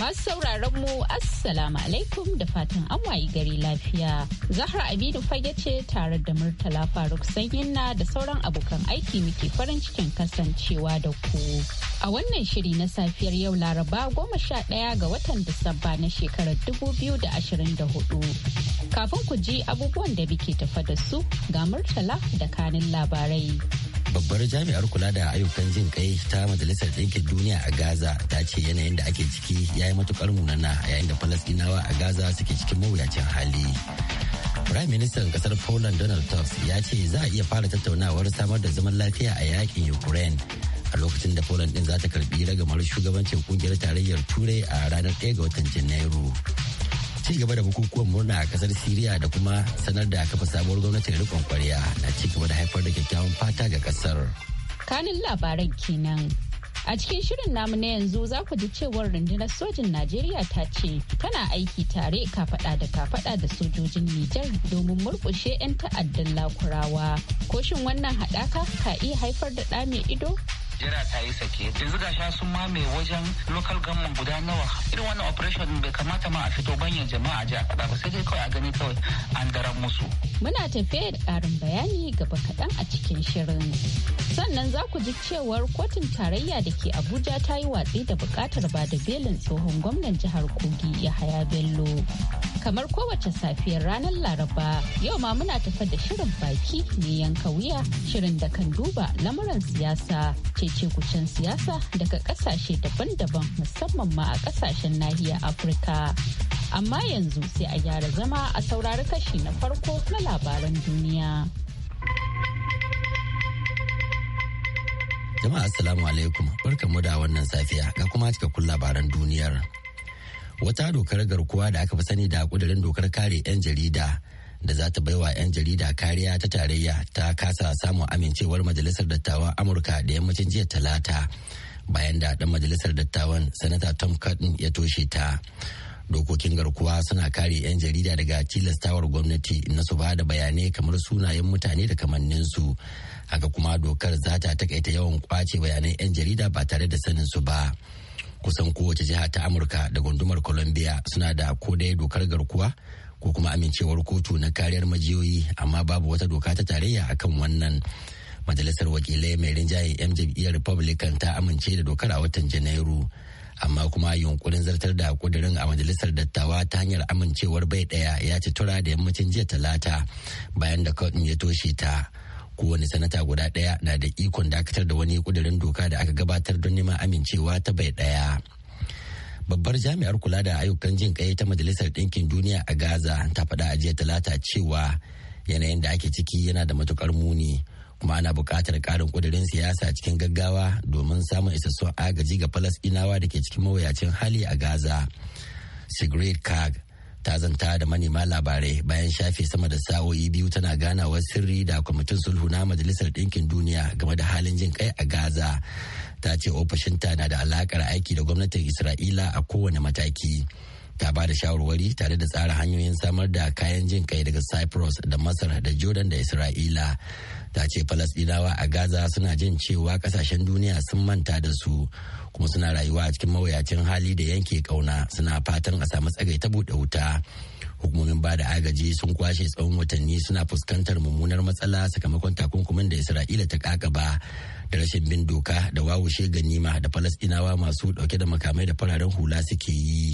Masu sauraron mu Assalamu alaikum da fatan an wayi gari lafiya. Zahra Aminu fage ce tare da Murtala Faruk Sanyinna da sauran abokan aiki muke farin cikin kasancewa da ku. A wannan shiri na safiyar yau Laraba goma sha ɗaya ga watan Disamba na shekarar dubu biyu da ashirin da hudu. Kafin ku ji abubuwan da muke tafa da su ga Murtala da kanin labarai. babbar jami'ar kula da ayyukan jin kai ta majalisar ɗinkin duniya a gaza ta ce yanayin da ake ciki ya yi matukar munana yayin da falastinawa a gaza suke cikin mawuyacin hali prime ministan kasar poland donald tusk ya ce za a iya fara tattaunawar samar da zaman lafiya a yakin ukraine a lokacin da poland din za ta karbi ragamar shugabancin kungiyar tarayyar turai a ranar 1 ga watan janairu ci gaba da bukukuwan murna a kasar Siriya da kuma sanar da kafa sabuwar gwamnatin rikon kwarya na ci gaba da haifar da kyakkyawan fata ga kasar. Kanin labaran kenan. A cikin shirin namu na yanzu za ku ji cewar rundunar sojin Najeriya ta ce tana aiki tare kafada da kafada da sojojin Nijar domin murkushe 'yan ta'addan lakurawa. Koshin wannan haɗaka ka iya haifar da ɗa ido? jira ta yi sake yanzu ga sha sun mame wajen local government guda nawa irin wannan operation bai kamata ma a fito banyan jama'a ji a kada ba sai dai kawai a gani kawai an daren musu muna tafiya da karin bayani gaba kaɗan a cikin shirin sannan za ku ji cewar kotun tarayya da ke abuja ta yi watsi da bukatar ba da belin tsohon gwamnan jihar kogi yahaya bello kamar kowace safiyar ranar laraba yau ma muna tafa da shirin baki ne yanka wuya shirin da kan duba lamuran siyasa cece kucin siyasa daga kasashe daban-daban musamman ma a kasashen nahiyar afirka amma yanzu sai a gyara zama a saurari kashi na farko na labaran duniya jama'a assalamu alaikum barkamu da wannan safiya ga kuma cikakkun labaran duniyar wata dokar garkuwa da aka fi sani da kudirin dokar kare 'yan jarida da za ta baiwa 'yan jarida kariya ta tarayya ta kasa samun amincewar majalisar dattawan amurka da yammacin jiya talata bayan da dan majalisar dattawan sanata tom cotton ya toshe ta dokokin garkuwa suna kare 'yan jarida daga tilastawar gwamnati na su ba da bayanai kamar sunayen mutane da kamanninsu haka kuma dokar za ta takaita yawan kwace bayanan 'yan jarida ba tare da sanin su ba. kusan kowace jiha ta amurka da gundumar columbia suna da ko dai dokar garkuwa ko kuma amincewar kotu na kariyar majiyoyi amma babu wata doka ta tarayya akan wannan majalisar wakilai mai rinjaye yan jam'iyyar republican ta amince da dokar a watan janairu amma kuma yunkurin zartar da kudirin a majalisar dattawa ta hanyar amincewar bai daya ya ci tura da yammacin jiya talata bayan da kotun ya toshe ta kowane sanata guda ɗaya na da ikon dakatar da wani kudirin doka da aka gabatar don neman amincewa ta bai ɗaya babbar jami'ar kula da ayyukan jin kai ta majalisar ɗinkin duniya a gaza ta faɗa a jiya talata cewa yanayin da ake ciki yana da matukar muni kuma ana buƙatar ƙarin kudirin siyasa cikin gaggawa domin samun isassun agaji ga falasɗinawa da ke cikin mawuyacin hali a gaza sigrid kag ta zanta da manema labarai bayan shafe sama da sa'o'i biyu tana ganawar sirri da kwamitin sulhu na majalisar ɗinkin duniya game da halin jin kai a gaza ta ce ofishinta na da alakar aiki da gwamnatin isra'ila a kowane mataki. ta ba da shawarwari tare da tsara hanyoyin samar da kayan jin kai daga cyprus da masar da jordan da isra'ila ta ce falasdinawa a gaza suna jin cewa kasashen duniya sun manta da su kuma suna rayuwa a cikin mawuyacin hali da yanke kauna suna fatan a samu tsagai ta buɗe wuta hukumomin ba da agaji sun kwashe tsawon watanni suna fuskantar mummunar matsala sakamakon takunkumin da isra'ila ta kakaba da rashin bin doka da wawushe ganima da falasdinawa masu dauke da makamai da fararen hula suke yi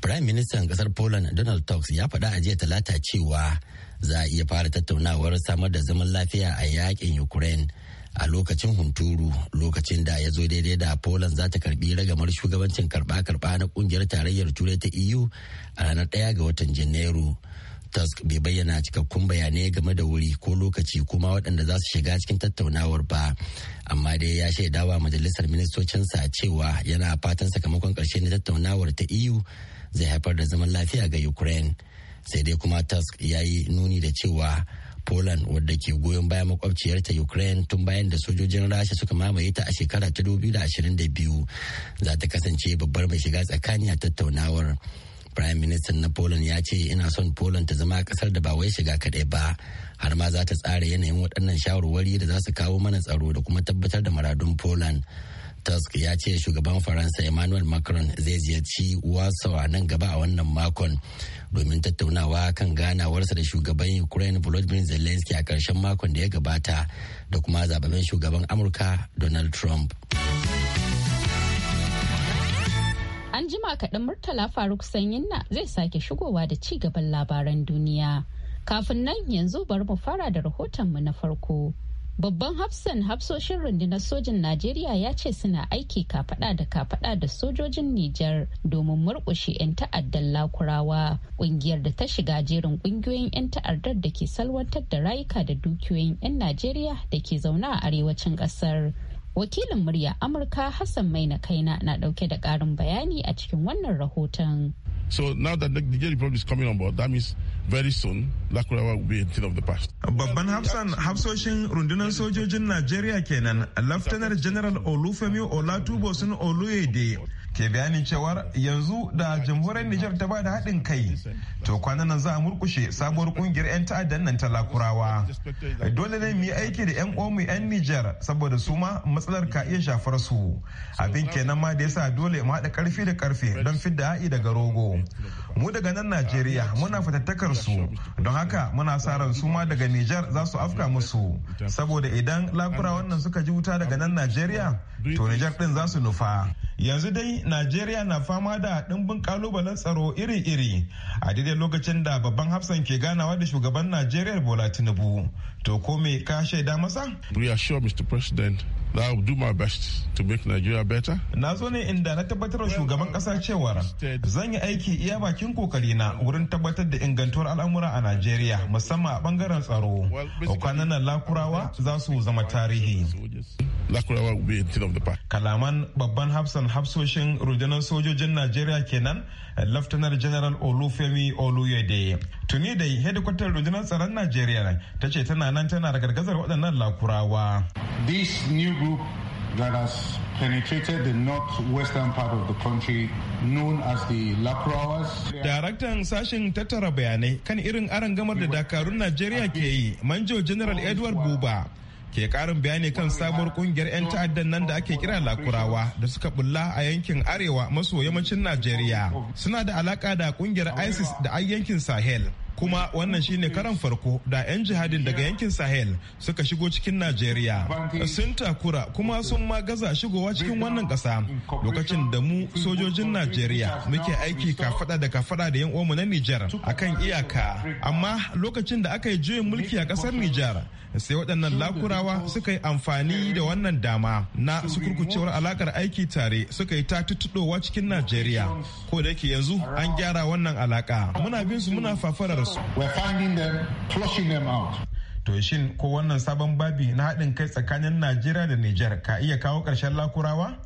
Prime Ministan kasar Poland Donald Tusk ya faɗa a jiya talata cewa za a iya fara tattaunawar samar da zaman lafiya a yakin Ukraine a lokacin hunturu lokacin da ya zo daidai da Poland za ta karbi ragamar shugabancin karba-karba na kungiyar tarayyar turai ta EU a ranar 1 ga watan Janairu. Tusk bai bayyana cikakkun bayanai game da wuri ko lokaci kuma waɗanda za su shiga cikin tattaunawar ba. Amma dai ya shaida wa majalisar ministocinsa cewa yana fatan sakamakon ƙarshe na tattaunawar ta EU zai haifar da zaman lafiya ga Ukraine. Sai dai kuma Tusk ya yi nuni da cewa Poland wadda ke goyon bayan makwabciyarta Ukraine tun bayan da sojojin Rasha suka mamaye ta a shekara ta 2022 za ta kasance babbar mai shiga tsakani a tattaunawar. Prime Minister na Poland ya ce ina son Poland ta zama kasar da ba wai shiga kaɗai ba har ma za ta tsara yanayin waɗannan shawarwari da za su kawo mana tsaro da kuma tabbatar da maradun Poland. Tusk ya ce shugaban Faransa Emmanuel Macron zai ziyarci Warsaw nan gaba a wannan makon domin tattaunawa kan ganawarsa da shugaban Ukraine Volodymyr Zelensky a karshen makon da ya gabata da kuma zababen shugaban Amurka Donald Trump. An jima kaɗan Murtala Faruk Sanyinna zai sake shigowa da ci gaban labaran duniya. Kafin nan yanzu bari mu fara da rahoton mu na farko. Babban hafsan hafsoshin rundunar sojin Najeriya ya ce suna aiki kafada da kafada da sojojin Nijar domin murƙushe 'yan ta'addar lakurawa ƙungiyar da ta shiga jerin ƙungiyoyin 'yan ta'addar da ke salwantar da rayuka da dukiyoyin 'yan Najeriya da ke zaune a arewacin ƙasar. wakilin murya amurka hassan maina kaina na dauke da karin bayani a cikin wannan rahoton So now that the Niger Republic is coming on board, that means very soon Lakurawa will be a thing of the past. Babban hafsan hafsoshin rundunar sojojin Najeriya kenan, Laftanar General Olufemi Olatubosun Oluyede ke bayanin cewar yanzu da jamhuriyar Nijar ta bada haɗin kai to kwanan nan za a murkushe sabuwar kungiyar 'yan ta'addan nan ta lakurawa dole ne mu yi aiki da 'yan omi 'yan Nijar saboda su ma matsalar ka iya shafar su abin kenan ma da yasa dole mu haɗa karfi da karfe don fidda ha'i daga rogo mu daga nan Najeriya muna fatattakar su don haka muna sa ran su ma daga Nijar za su afka musu saboda idan lakurawan nan suka ji wuta daga nan Najeriya to Nijar ɗin za su nufa yanzu dai najeriya na fama da ɗimbin kalubalen tsaro iri-iri a daidai lokacin da babban hafsan ke ganawa da shugaban najeriya bola tinubu to ko me ka shaida masa we are sure mr president that I will do my best to make Nigeria better. Na zo ne inda na tabbatar shugaban kasa cewar zan yi aiki iya bakin kokari na wurin tabbatar da ingantuwar al'amura a Najeriya musamman a bangaren tsaro. Kwanan nan lakurawa za su zama tarihi. Kalaman babban hafsan hafsoshin rundunar sojojin najeriya kenan laftanar general olufemi oluyede tuni da hedikwatar rundunar tsaron najeriya ta ce tana nan tana gargazar waɗannan lakurawa this new group that has penetrated the northwestern part of the country known as the Lakurawas. Daraktan sashen tattara bayanai kan irin arangamar da dakarun Najeriya ke yi, Manjo General Edward Buba ke karin bayani kan sabuwar kungiyar 'yan ta'addan nan da ake kira lakurawa da suka bulla a yankin arewa maso yammacin najeriya suna da alaka da kungiyar isis da ayyankin sahel kuma wannan shine karan farko da 'yan jihadin daga yankin sahel suka shigo cikin najeriya sun takura kuma sun ma gaza shigowa cikin wannan kasa lokacin da mu sojojin najeriya muke aiki kafada da kafada da yan uwanmu na nijar akan iyaka amma lokacin da aka yi juyin mulki a kasar nijar sai waɗannan lakurawa suka yi amfani da wannan dama na sukurkucewar alakar aiki tare suka yi ta tutuɗowa cikin najeriya ko da yake yanzu an gyara wannan alaka muna bin su muna fafarar we We're finding them, flushing them out. To shin ko wannan sabon babi na haɗin kai tsakanin Najeriya da Nijar ka iya kawo ƙarshen lakurawa?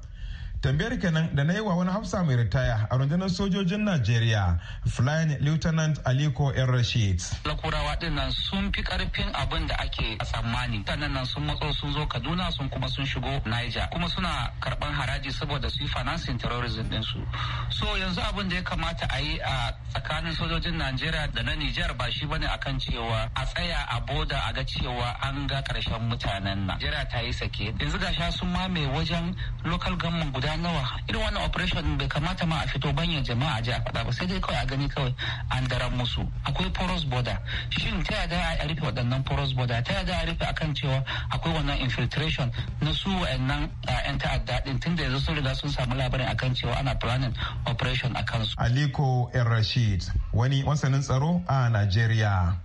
tambayar kenan da na yi wa wani hafsa mai ritaya a rundunar sojojin najeriya flying lieutenant aliko yan rashid lakurawa din nan sun fi karfin abin da ake tsammani sannan nan sun matso sun zo kaduna sun kuma sun shigo niger kuma suna karban haraji saboda su yi financing terrorism din su so yanzu abin da ya kamata a yi a tsakanin sojojin najeriya da na niger ba shi bane akan cewa a tsaya a boda a ga cewa an ga karshen mutanen najeriya ta yi sake yanzu sha sun mame wajen local government guda nawa irin wannan operation bai kamata ma a fito banyan jama'a ji a faɗa ba sai dai kawai a gani kawai an daren musu akwai poros border shin ta yada a rufe waɗannan porous border ta yada a rufe akan cewa akwai wannan infiltration na su wa'annan yan ah, ta'adda din tunda yanzu sun riga sun samu labarin akan cewa ana planning operation a kansu. Aliko El Rashid wani masanin tsaro a Najeriya.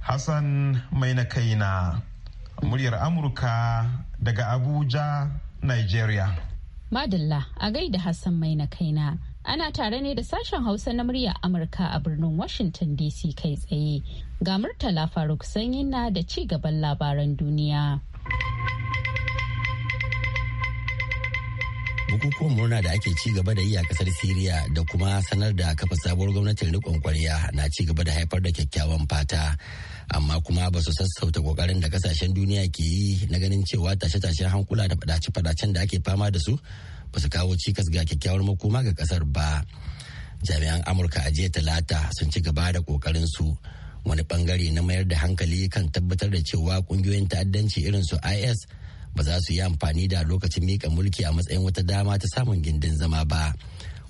Hassan mai na kaina muryar Amurka daga Abuja, Nigeria. Madalla a gaida Hassan mai na kaina. Ana tare ne da sashen Hausa na murya Amurka a birnin Washington DC kai tsaye. Ga Murtala Faruk Sanyi na da ci gaban labaran duniya. bukukuwan murna da ake ci gaba da yi a kasar Siriya da kuma sanar da kafa sabuwar gwamnatin rikon kwariya na ci gaba da haifar da kyakkyawan fata. Amma kuma ba su sassauta kokarin da kasashen duniya ke yi na ganin cewa tashe-tashen hankula da fadace-fadacen da ake fama da su ba su kawo cikas ga kyakkyawar makoma ga kasar ba. Jami'an Amurka a jiya talata sun ci gaba da kokarin su wani bangare na mayar da hankali kan tabbatar da cewa ƙungiyoyin ta'addanci irin su IS ba za su yi amfani da lokacin mika mulki a matsayin wata dama ta samun gindin zama ba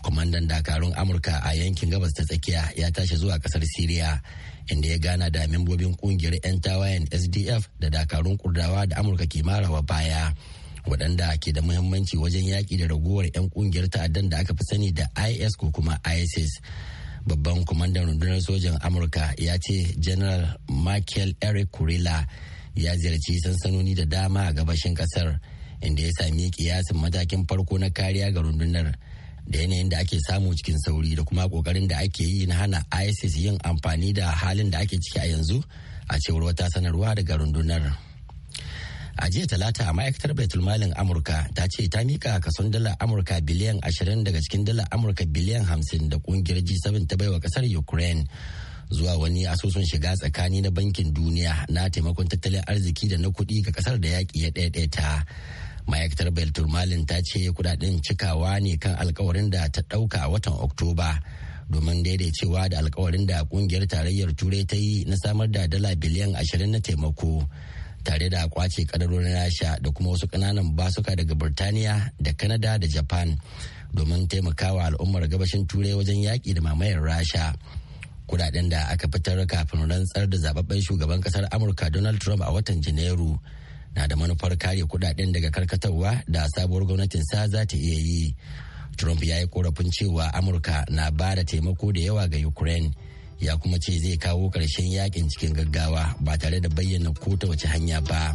kwamandan dakarun amurka a yankin gabas ta tsakiya ya tashi zuwa kasar siriya inda ya gana da membobin kungiyar 'yan tawayen sdf da dakarun kurdawa da amurka ke marawa baya waɗanda ke da muhimmanci wajen yaƙi da ragowar 'yan ƙungiyar ta'addan da aka fi sani da is ko kuma isis babban kwamandan rundunar sojan amurka ya ce general michael eric kurila ya ziyarci sansanoni da dama a gabashin kasar inda ya sami kiyasin matakin farko na kariya ga rundunar da yanayin da ake samu cikin sauri da kuma kokarin da ake yi na hana isis yin amfani da halin da ake ciki a yanzu a cewar wata sanarwa daga rundunar a jiya talata a ma'aikatar baitulmalin amurka ta ce ta mika kason dala amurka biliyan 20 daga cikin dalar amurka biliyan 50 da kungiyar g7 ta baiwa kasar ukraine zuwa wani asusun shiga tsakani na bankin duniya na taimakon tattalin arziki da na kuɗi ga kasar da yaƙi ya ɗaiɗaita ma'aikatar beltur malin ta ce kudaden cikawa ne kan alkawarin da ta ɗauka a watan oktoba domin daidaicewa da alkawarin da kungiyar tarayyar turai ta yi na samar da dala biliyan ashirin na taimako tare da kwace kadarorin rasha da kuma wasu kananan basuka daga birtaniya da kanada da japan domin taimakawa al'ummar gabashin turai wajen yaƙi da mamayar rasha kudaden da aka fitar kafin rantsar da zababben shugaban kasar amurka donald trump a watan janairu na da manufar kare kudaden daga karkatarwa da sabuwar gwamnatin sa za ta iya yi trump ya yi korafin cewa amurka na ba da taimako da yawa ga ukraine ya kuma ce zai kawo ƙarshen yakin cikin gaggawa ba tare da bayyana ko ta wace hanya ba.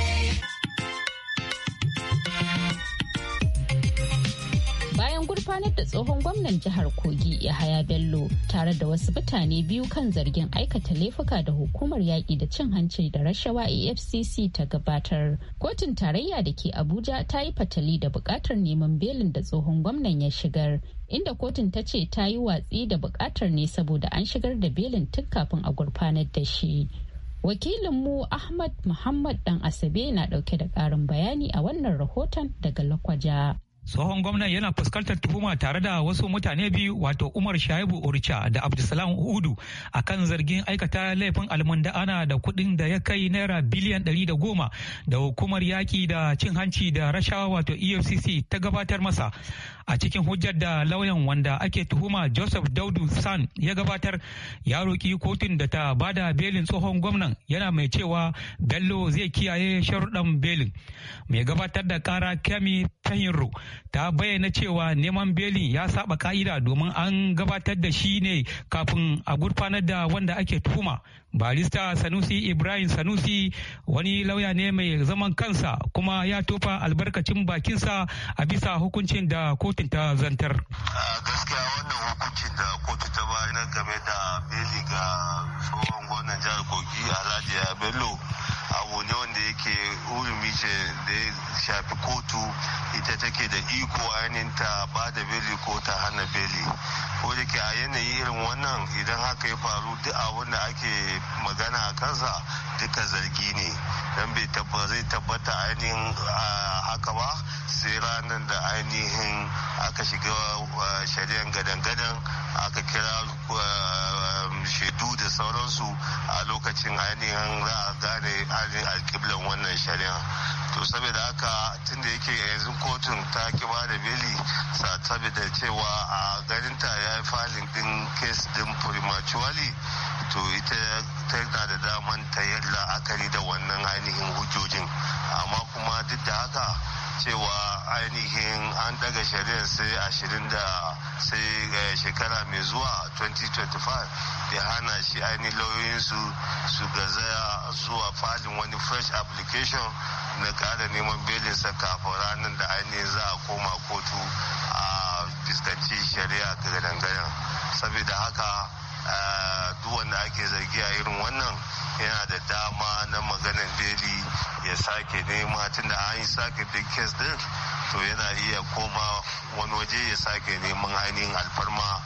gurfanar da tsohon gwamnan jihar Kogi Yahaya Bello tare da wasu mutane biyu kan zargin aikata laifuka da hukumar yaƙi da cin hanci da rashawa AFCC ta gabatar. Kotun tarayya da ke Abuja ta yi fatali da buƙatar neman belin da tsohon gwamnan ya shigar inda kotun ta ce ta yi watsi da buƙatar ne saboda an shigar da belin tun kafin a gurfanar da shi. Wakilinmu Ahmad Muhammad Dan Asabe na ɗauke da ƙarin bayani a wannan rahoton daga Lakwaja. tsohon gwamnan yana fuskantar tuhuma tare da wasu mutane biyu wato umar shaibu urcha da abdulsalam udu kan zargin aikata laifin ana da kuɗin da ya kai naira biliyan ɗari da goma da hukumar yaƙi da cin hanci da rashawa wato efcc ta gabatar masa a cikin hujjar da lauyan wanda ake tuhuma joseph daudu san ya gabatar ya roƙi kotun da ta bada belin tsohon gwamnan yana mai cewa bello zai kiyaye sharuɗan belin mai gabatar da ƙara kemi fahimru. ta bayyana cewa neman belin ya saba ka'ida domin an gabatar da shi ne kafin a gurfanar da wanda ake tuhuma barista sanusi ibrahim sanusi wani lauya ne mai zaman kansa kuma ya tofa albarkacin bakinsa a bisa hukuncin da kotun ta zantar gaskiya wannan hukuncin da kotu ta bayanar game da beli ga tsohon gwamnan jihar kogi alhaji bello abu ne wanda yake urumi ce da ya shafi kotu ita take da iko ainihin ta ba da beli ko ta hana beli ko da ke a yanayi irin wannan idan haka ya faru duk abin da ake magana a kansa duka zargi ne don bai zai tabbata ainihin haka ba sai ranar da ainihin aka shiga shari'ar gadan-gadan aka kira shaidu da sauransu a lokacin ainihin za a gane ainihin alƙiblan wannan shari'a to saboda haka tunda yake yanzu kotun ta ki ba da beli saboda cewa a ganinta ya yi falin din kes din primatuali to ita tana da daman ta yi la'akari da wannan ainihin hujjojin amma kuma duk da haka cewa ainihin an daga shari'ar sai ashirin da sai shekara mai zuwa 2025 ya hana shi ainihin lauyoyinsu su gazaya zuwa falin wani fresh application na kara neman belinsa kafin ranar da ainihin za a koma kotu a fiskanci shari'a ga dangana saboda haka eh, duk wanda ake zargi a irin wannan yana da dama na maganin beli ya sake nema da an yi sake duk kes din to yana iya koma wani waje ya sake neman ainihin alfarma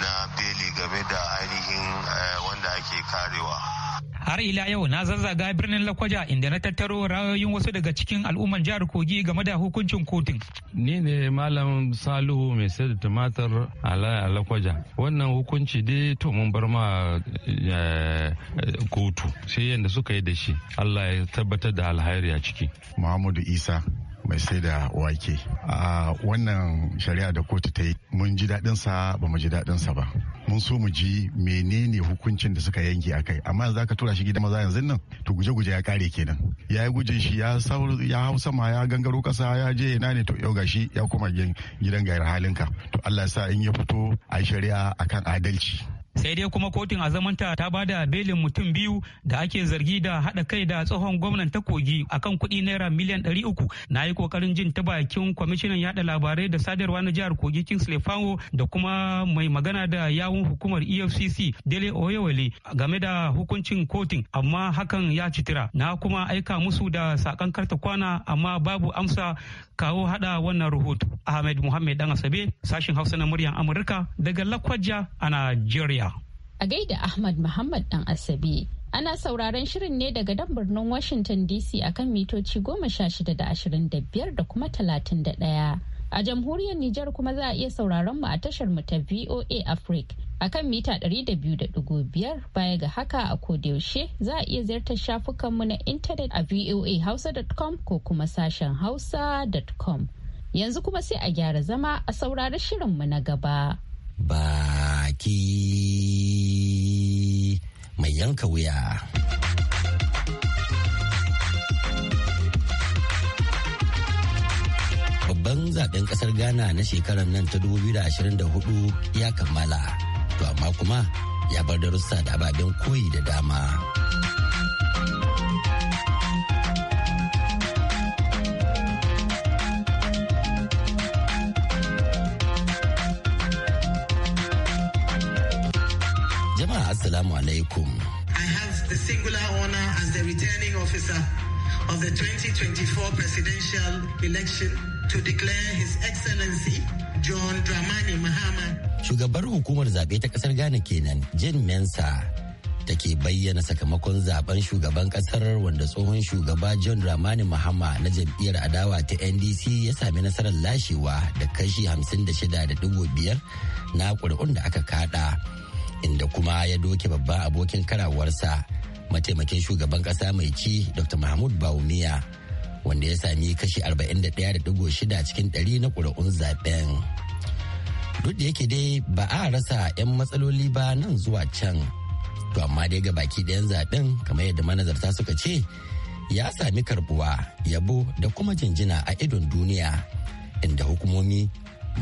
na beli game da ainihin eh, wanda ake karewa. har ila yau na zazzaga birnin lakwaja inda na tattaro ra'ayoyin wasu daga cikin al'umman jihar kogi game da hukuncin kotun ni ne malam salihu mai sayar da tumatir a lakwaja wannan hukunci dai to mun bar ma eh, kotu sai yadda suka yi da shi allah ya tabbatar da alhairi a ciki muhammadu isa mai sai da wake a wannan shari'a da kotu ta yi mun ji daɗin ba mu ji daɗin ba mun so mu ji menene hukuncin da suka yanke a kai amma yanzu aka tura shi gidan maza yanzu nan to guje-guje ya kare kenan ya yi gujin shi ya hau sama ya gangaro ƙasa ya je ina ne to yau gashi ya koma gidan gayar halinka to Allah ya sa in ya fito a shari'a akan adalci sai dai kuma kotun a zamanta ta ba da belin mutum biyu da ake zargi da haɗa kai da tsohon gwamnan ta kogi akan kuɗi naira miliyan ɗari uku na yi ƙoƙarin jin ta bakin kwamishinan yaɗa labarai da sadarwa na jihar kogi kingsley fango da kuma mai magana da yawun hukumar efcc dele oyewale game da hukuncin kotun amma hakan ya citira na kuma aika musu da sakan karta kwana amma babu amsa kawo haɗa wannan rahoto ahmed muhammed dan asabe sashin hausa na muryar amurka daga lakwaja a nigeria a gaida Ahmad Muhammad dan Asabe. Ana sauraron shirin ne daga dan birnin Washington DC akan mitoci goma sha shida da ashirin da biyar da kuma talatin da ɗaya. A jamhuriyar Nijar kuma za a iya sauraron mu a tashar mu ta VOA Africa akan mita ɗari da biyu da ɗigo biyar baya ga haka a kodayaushe za a iya ziyartar shafukan mu na intanet a voahausa.com ko kuma sashen hausa.com. Yanzu kuma sai a gyara zama a saurari mu na gaba. Ba. sarki mai yanka wuya. Babban zaben kasar Ghana na shekarar nan ta 2024 ya kammala, to amma kuma ya bar darussa da ababen koyi da dama. Assalamu alaikum. I have the singular honor as the returning officer of the 2024 presidential election to declare His Excellency John Dramani Mahama. Shugabar hukumar zaɓe ta ƙasar Ghana kenan, Jane Mensa, take bayyana sakamakon zaben shugaban ƙasar wanda tsohon shugaba John Dramani Mahama na jam'iyyar adawa ta NDC ya sami nasarar lashewa da kashi 56.5 na ƙuri'un da aka kada. inda kuma ya doke babban abokin karawarsa mataimakin shugaban kasa mai ci dr mahmud baumiya wanda ya sami kashi 41.6 cikin 100 na ƙuri'un zaben duk da yake dai ba a rasa 'yan matsaloli ba nan zuwa can to amma dai ga baki ɗayan zaben kamar yadda manazarta suka ce ya sami karbuwa yabo da kuma jinjina a idon duniya inda hukumomi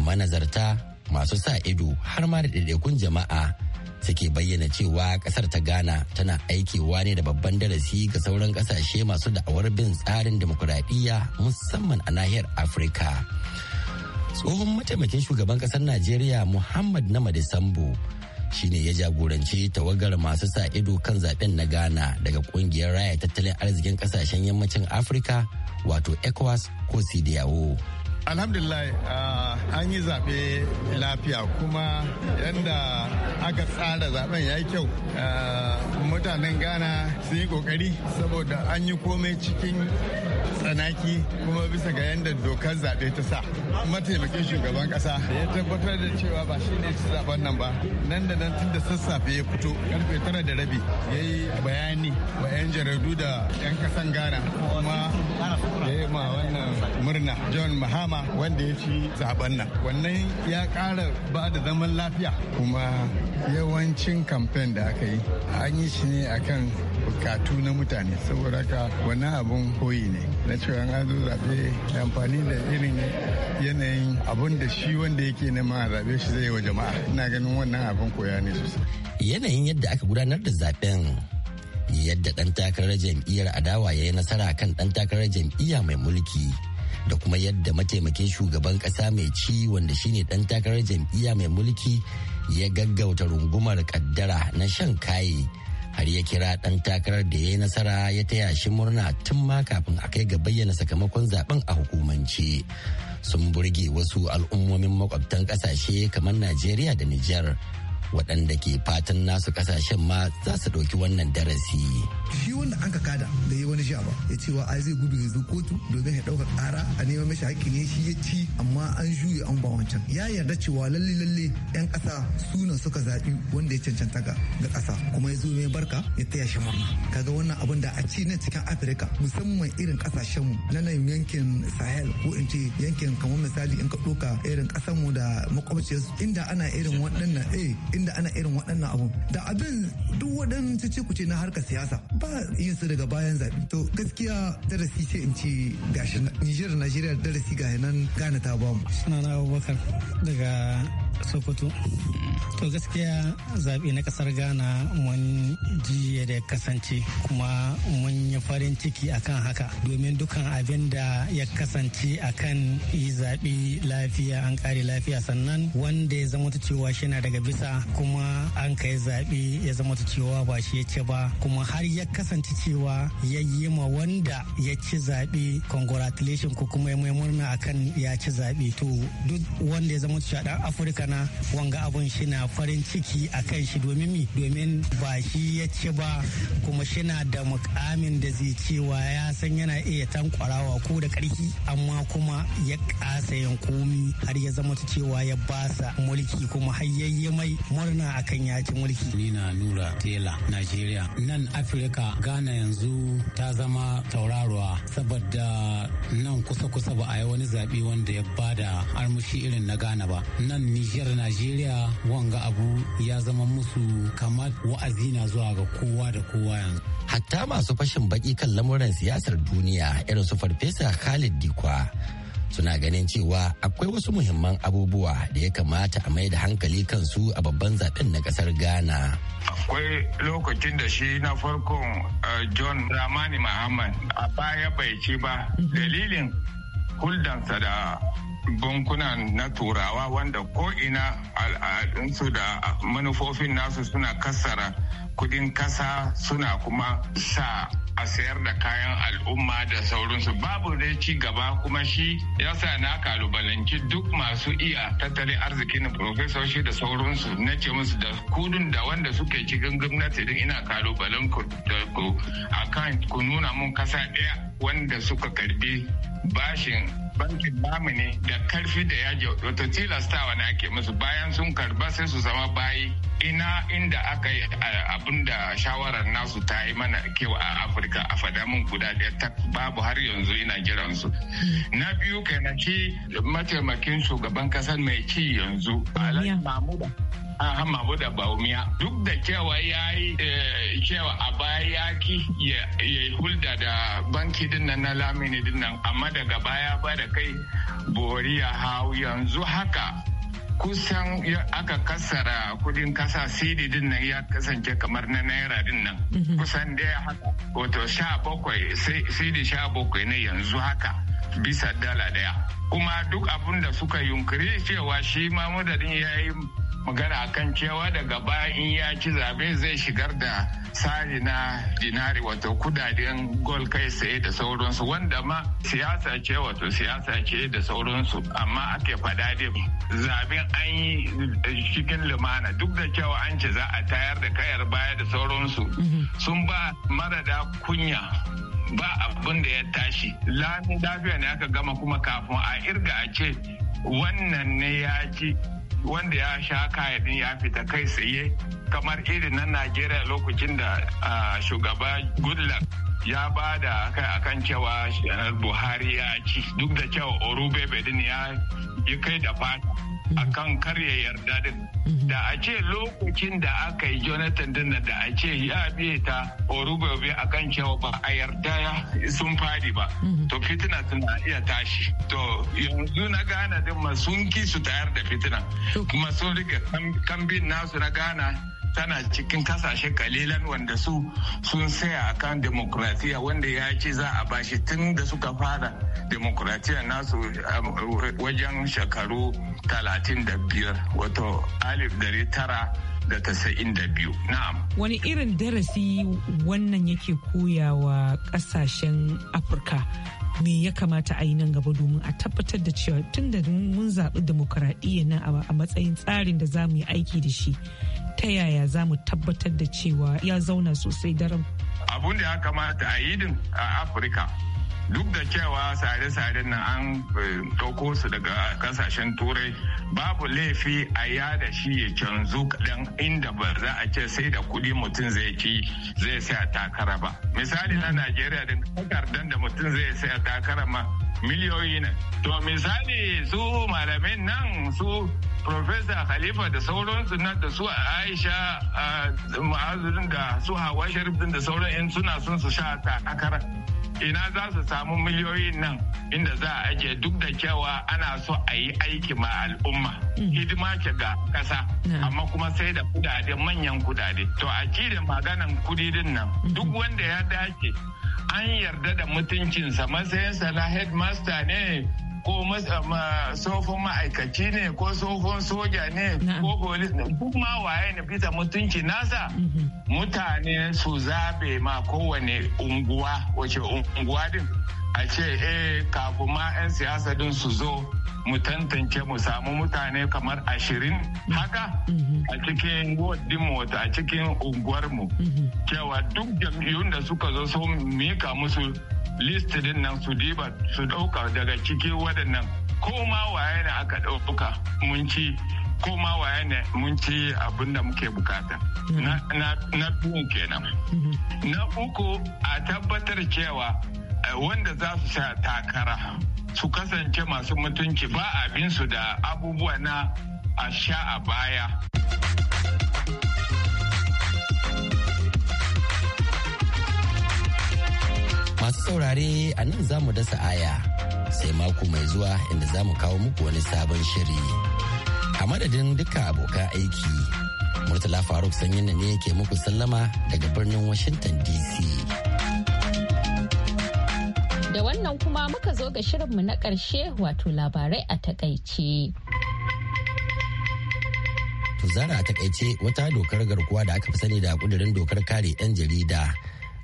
manazarta masu sa ido har ma da ɗaiɗaikun jama'a suke bayyana cewa kasar ta ghana tana aikewa ne da babban darasi ga sauran kasashe masu da'awar bin tsarin demokuraɗiyya musamman a nahiyar afirka tsohon mataimakin shugaban kasar najeriya muhammad nama sambo shine ya jagoranci tawagar masu sa ido kan zaben na ghana daga kungiyar raya tattalin arzikin kasashen yammacin afirka wato ecowas ko cdao alhamdulillah uh, an yi zaɓe lafiya kuma yadda aka tsara zaɓen ya yi kyau uh, mutanen ghana sun yi kokari saboda an yi komai cikin tsanaki kuma bisa ga yadda dokar zaɓe ta sa mataimakin shugaban ƙasa ya tabbatar da cewa ba shi ne ci zaben nan ba nan da nan tun da sassafe ya fito karfe tara da rabi ya yi bayani wa 'yan jaradu da 'yan kasan ghana kuma ya yi ma wannan murna john mahama wanda ya ci zaben nan wannan ya kara ba da zaman lafiya kuma yawancin kamfen da aka yi an yi shi ne akan bukatu na mutane saboda ka wannan abun koyi ne na cewa an zo zaɓe da amfani da irin yanayin abun da shi wanda yake ma zaɓe shi zai wa jama'a ina ganin wannan abun koya ne sosai yanayin yadda aka gudanar da zaben yadda ɗan takarar jam'iyyar adawa ya yi nasara kan ɗan takarar jam'iyya mai mulki da kuma yadda mataimakin shugaban kasa mai ci wanda shine dan takarar jam'iyya mai mulki ya gaggauta rungumar kaddara na shan kaye har ya kira dan takarar da ya yi nasara ya taya shi murna tun ma kafin a kai ga bayyana sakamakon zaben a hukumance sun burge wasu al'ummomin makwabtan kasashe kamar najeriya da nijar waɗanda ke fatan nasu kasashen ma za su ɗauki wannan darasi. Shi wanda an ka kada da yi wani sha ba ya cewa ai zai gudu ya zo kotu domin ya ɗauka ƙara a neman mashi haƙƙi ne shi ya ci amma an juya an ba wancan. Ya yarda cewa lalle lalle 'yan ƙasa suna suka zaɓi wanda ya cancanta ga ƙasa kuma ya zo mai barka ya taya shi murna. Kaga wannan abin da a ci na cikin Afirka musamman irin ƙasashenmu na nan yankin Sahel ko in ce yankin kamar misali in ka ɗauka irin ƙasarmu da makwabciyarsu inda ana irin waɗannan eh da ana irin waɗannan abun da abin duk waɗansu ce kuce na harkar siyasa ba yin su daga bayan zaɓe to gaskiya darasi sai in ce gashi Nijar Najeriya darasi ga nan gane ta bamu sunana Abubakar daga Sokoto to gaskiya zaɓe na ƙasar ghana mun ji da kasance kuma mun yi farin ciki akan haka domin dukan abin da ya kasance akan yi zaɓe lafiya an ƙare lafiya sannan wanda ya zama cewa shi na daga bisa kuma an kai zaɓe ya zama cewa ba shi ya ce ba kuma har ya kasance cewa ya yi ma wanda ya ci zaɓe congratulation ko kuma ya murna akan ya ci zaɓe to duk wanda ya zama cewa ɗan afirka na wanga abun shi na farin ciki a kan shi domin mi domin ba shi ya ci ba kuma shina da mukamin da zai cewa ya san yana iya tankwarawa ko da karfi amma kuma ya kasa yin komi har ya zama cewa ya basa mulki kuma hayayye mai murna akan ya ci mulki ni na nura tela nigeria nan afirka ghana yanzu ta zama tauraruwa saboda nan kusa-kusa ba a yi wani zaɓe wanda ya bada armushi irin na ghana ba nan niger nigeria wanga ga abu ya zama musu kamar wa'azi na zuwa ga kowa da kowa yanzu. Hatta masu fashin baki kan lamuran siyasar duniya irin su farfesa Khalid Dikwa suna ganin cewa akwai wasu muhimman abubuwa da ya kamata a mai da hankali kansu a babban zaben na kasar Ghana. akwai lokacin da shi na farkon eh, john ramani muhammad a baya bai ci ba mhm. dalilin huldansa da bankuna na turawa wanda ko ina al'adunsu da manufofin nasu suna kassara kudin kasa suna kuma sa a sayar da kayan al'umma da sauransu babu dai ci gaba kuma shi ya sa na kalubalanci duk masu iya tattalin arzikin profesoshi da sauransu na ce musu da kudin da wanda suke cikin gwamnati din ina kalubalen ku a kan ku nuna mun kasa ɗaya wanda suka karbi bashin bankin lamuni da da karfi da yaji wato tilastawa ne ake musu bayan sun karba sai su zama bayi ina inda aka yi abin da shawarar nasu ta yi mana kyau a afirka a fadamin guda ɗaya ta babu har yanzu ina jiran hmm. na biyu kanaki mataimakin shugaban kasar mai ci yanzu Ahmadu da Baumiya duk da cewa ya yi eh, cewa a baya ya ki ya yi hulda da banki din nan na lamini din amma daga baya ba da kai bori ya hau yanzu haka kusan aka kasara kudin kasa sidi din nan ya kasance kamar na naira din nan mhm. kusan ya haka wato sha bakwai sidi sha bakwai ne yanzu haka bisa dala daya kuma duk abun da suka yunkuri cewa shi ma madadin ya yi magana kan cewa daga baya in ya ci zaɓe zai shigar da tsari na dinari wato kudaden gol kai saye da sauransu wanda ma siyasa ce wato siyasa ce da sauransu amma ake fada da an yi cikin lumana duk da cewa an ce za a tayar da kayar baya da sauransu sun ba marada kunya ba abin da ya tashi lafiya ne aka gama kuma kafin a irga a ce wannan ne ya ci wanda ya sha kaya din ya fita kai tsaye kamar irin na najeriya lokacin da ah, shugaba goodluck ya ba da akan cewa eh, buhari ya ci duk da cewa orube bedin ya yi kai da fata A kan karya yarda din da a ce lokacin da aka yi jonathan din da a ce ya biye ta orube a akan cewa ba a yarda ya sun fadi ba mhm. to fitina suna iya tashi to yanzu na gana din ma sun ki su tayar da fitina kuma sun rike kambin nasu na gana tana cikin kasashe kalilan wanda su sun saya a kan demokratiya wanda ya ce za a bashi tun da suka fara demokratiya nasu um, wajen shekaru talatin da biyar wato alif dari tara da tasa'in da biyu na'am wani irin darasi wannan yake koyawa kasashen afirka me ya kamata a yi nan gaba domin a tabbatar da cewa tun da mun zaɓi demokaradiyya nan a matsayin tsarin da za mu yi aiki da shi ta yaya za mu tabbatar da cewa ya zauna sosai daram abun da ya kamata a yi din a afirka duk da cewa sare sare nan an eh, ɗauko su daga kasashen turai babu laifi a yada shi ya canzu kaɗan inda ba za a ce sai da kuɗi mutum zai ci zai a takara ba misali na najeriya da takardar da mutum zai a takara ma miliyoyi ne to misali su malamin nan su Profesa Khalifa da sauransu suna da su Aisha ma'azurin da su Hawa Sharif din da sauran in suna son su sha takara. Ina za su samu miliyoyin nan inda za a ajiye duk da cewa ana so a yi aiki ma al'umma mm. hidima ke ga ƙasa. amma kuma sai da kudade manyan kudade to a ci da maganan kudidin nan mm-hmm. duk wanda ya dace an yarda da mutuncinsa matsayinsa na headmaster ne ko tsohon ma'aikaci ne ko tsohon soja ne ko polis ne duk ma waye ne bisa mutunci nasa mhm. mutane su zabe ma kowane unguwa wace unguwa din a ce eh kafin ma 'yan siyasa din su zo mu tantance mu samu mutane kamar ashirin haka mhm. a cikin dinmu wata a cikin unguwarmu mhm. cewa duk jam'iyyun da suka zo sun mika musu list nan su diba su ɗauka daga ciki waɗannan ko ma waye ne aka ɗauka mun ci ko ma waye ne mun ci abin da muke bukata mm-hmm. na tun kenan mm-hmm. na uku a tabbatar cewa eh, wanda za su sa takara su kasance masu mutunci ba abinsu da abubuwa na a sha a baya. Masu saurare a nan za mu dasa aya sai mako mai zuwa inda za mu kawo muku wani sabon shiri. A madadin duka abokan aiki, Murtala Faruk Sanyin ne ke muku sallama daga birnin Washington DC. da wannan kuma muka zo ga shirinmu na ƙarshe wato labarai a takaice. Tuzara a takaice wata dokar garkuwa da aka fi sani da kudirin dokar kare 'yan jarida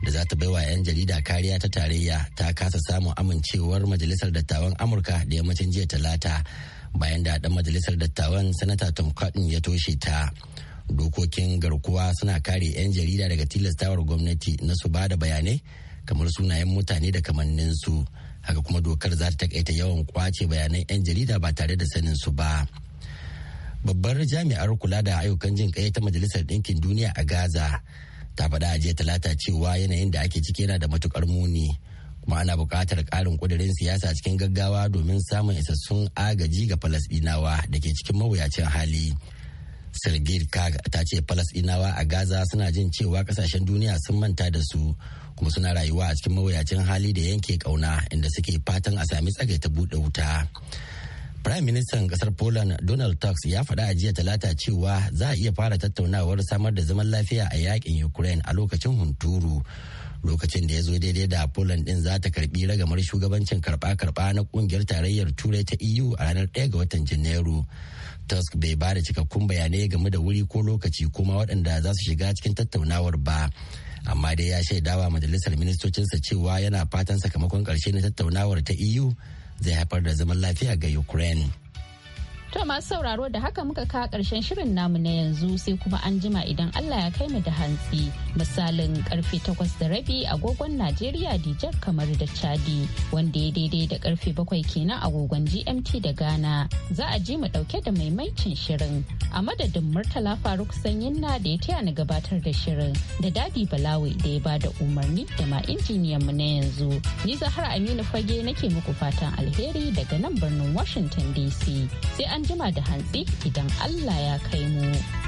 da za ta baiwa 'yan jarida kariya ta tarayya ta kasa samun amincewar majalisar dattawan amurka da yammacin jiya talata bayan da dan majalisar dattawan sanata tom cotton ya toshe ta dokokin garkuwa suna kare 'yan jarida daga tilastawar gwamnati na su bada bayanai kamar sunayen mutane da kamanninsu haka kuma dokar za ta takaita yawan kwace bayanan 'yan jarida ba tare da sanin su ba babbar jami'ar kula da ayyukan jin ta majalisar ɗinkin duniya a gaza ta faɗa a jiya talata cewa yanayin da ake ciki yana da matukar muni kuma ana buƙatar ƙarin ƙudurin siyasa cikin gaggawa domin samun isassun agaji ga falasɗinawa da ke cikin mawuyacin hali sirgir kag ta ce falasɗinawa a gaza suna jin cewa ƙasashen duniya sun manta da su kuma suna rayuwa a cikin mawuyacin hali da yanke ƙauna inda suke fatan a sami tsagaita buɗe wuta Prime Ministan kasar Poland Donald Tusk ya faɗa a jiya talata cewa za a iya fara tattaunawar samar da zaman lafiya a yakin Ukraine a lokacin hunturu. Lokacin da ya zo daidai da Poland din za ta karbi ragamar shugabancin karba-karba na kungiyar tarayyar Turai ta EU a ranar 1 ga watan Janairu. Tusk bai ba da cikakkun bayanai game da wuri ko lokaci kuma waɗanda za su shiga cikin tattaunawar ba. Amma dai ya shaidawa majalisar ministocinsa cewa yana fatan sakamakon ƙarshe na tattaunawar ta EU zai haifar da zaman lafiya ga ukraine To masu sauraro da haka muka kawo ƙarshen shirin namu na yanzu sai kuma an jima idan Allah ya kai mu da hantsi misalin karfe takwas da rabi agogon Najeriya Dijar kamar da Chadi wanda ya daidai da karfe bakwai kenan agogon GMT da Ghana za a ji mu dauke da maimaicin shirin a madadin Murtala Faruk Sanyin na da ya taya ni gabatar da shirin da Dadi Balawi da ya bada umarni da ma injiniyan mu na yanzu ni Zahra Aminu Fage nake muku fatan alheri daga nan birnin Washington DC sai an an jima da hantsi idan Allah ya kai mu.